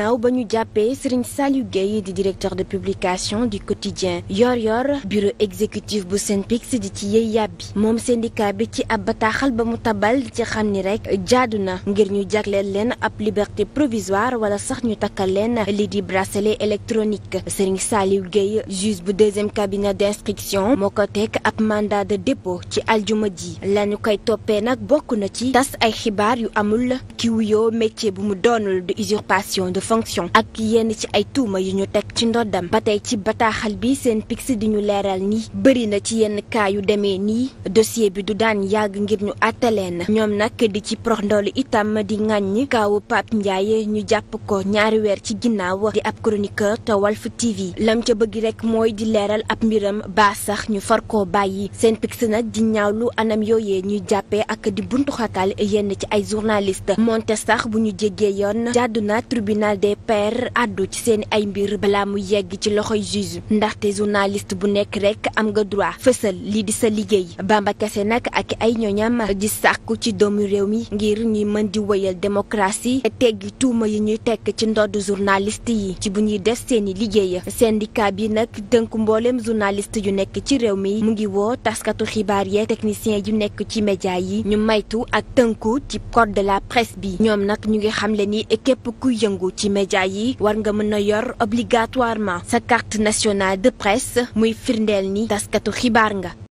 gannaaw ba ñu jàppee Serigne Saliou Gueye di directeur de publication du quotidien Yoor-Yoor bureau exécutif bu SYNPICS di ci yey yàbbi moom syndicat bi ci ab bataaxal ba mu tabal di ci xam ni rek jaadu na ngir ñu jagleel leen ab liberté provisoire wala sax ñu takkal leen li di bracelet électronique Serigne Saliou Gueye juge bu deuxième cabinet d'instruction moo ko teg ab mandat de dépôt ci aljuma ji lañu koy toppee nag bokk na ci tas ay xibaar yu amul ki fonction ak yenn ci ay tuuma yu ñu teg ci ndoddam ba tey ci bataaxal bi seen pix di ñu leeral ni bëri na ci yenn cas yu demee nii dossier bi du daan yàgg ngir ñu na ñoom nag di ci prox ndoolu itam di ŋàññ kaawu Pape Ndiaye ñu jàpp ko ñaari weer ci ginnaaw di ab chroniqueur te Walf TV lam ca bëgg rek mooy di leeral ab mbiram baa sax ñu far ko bàyyi seen pix nag di ñaawlu anam yooyee ñuy jàppee ak di buntu xatal yenn ci ay journaliste moonte de ADPR àddu ci seen ay mbir balaa mu yegg ci loxo juge ndaxte journaliste bu nekk rek am nga droit fësal lii di sa liggéey Bamba Kassé nag ak ay ñoñam di sàkku ci doomu réew mi ngir ñuy mën di woyal wëyal démocratie teggi tuuma yi ñuy tekk ci ndodd journaliste yi ci bu ñuy def seeni liggéey syndicat bi nag dënk mbooleem journaliste yu nekk ci réew mi mu ngi woo taskatu xibaar yeeg technicien yu nekk ci média yi ñu maytu ak tënku ci code de la presse bi ñoom nag ñu ngi xamle ni képp yëngu ci média yi war nga mën a yor obligatoirement sa carte nationale de presse muy firndeel ni taskatu xibaar nga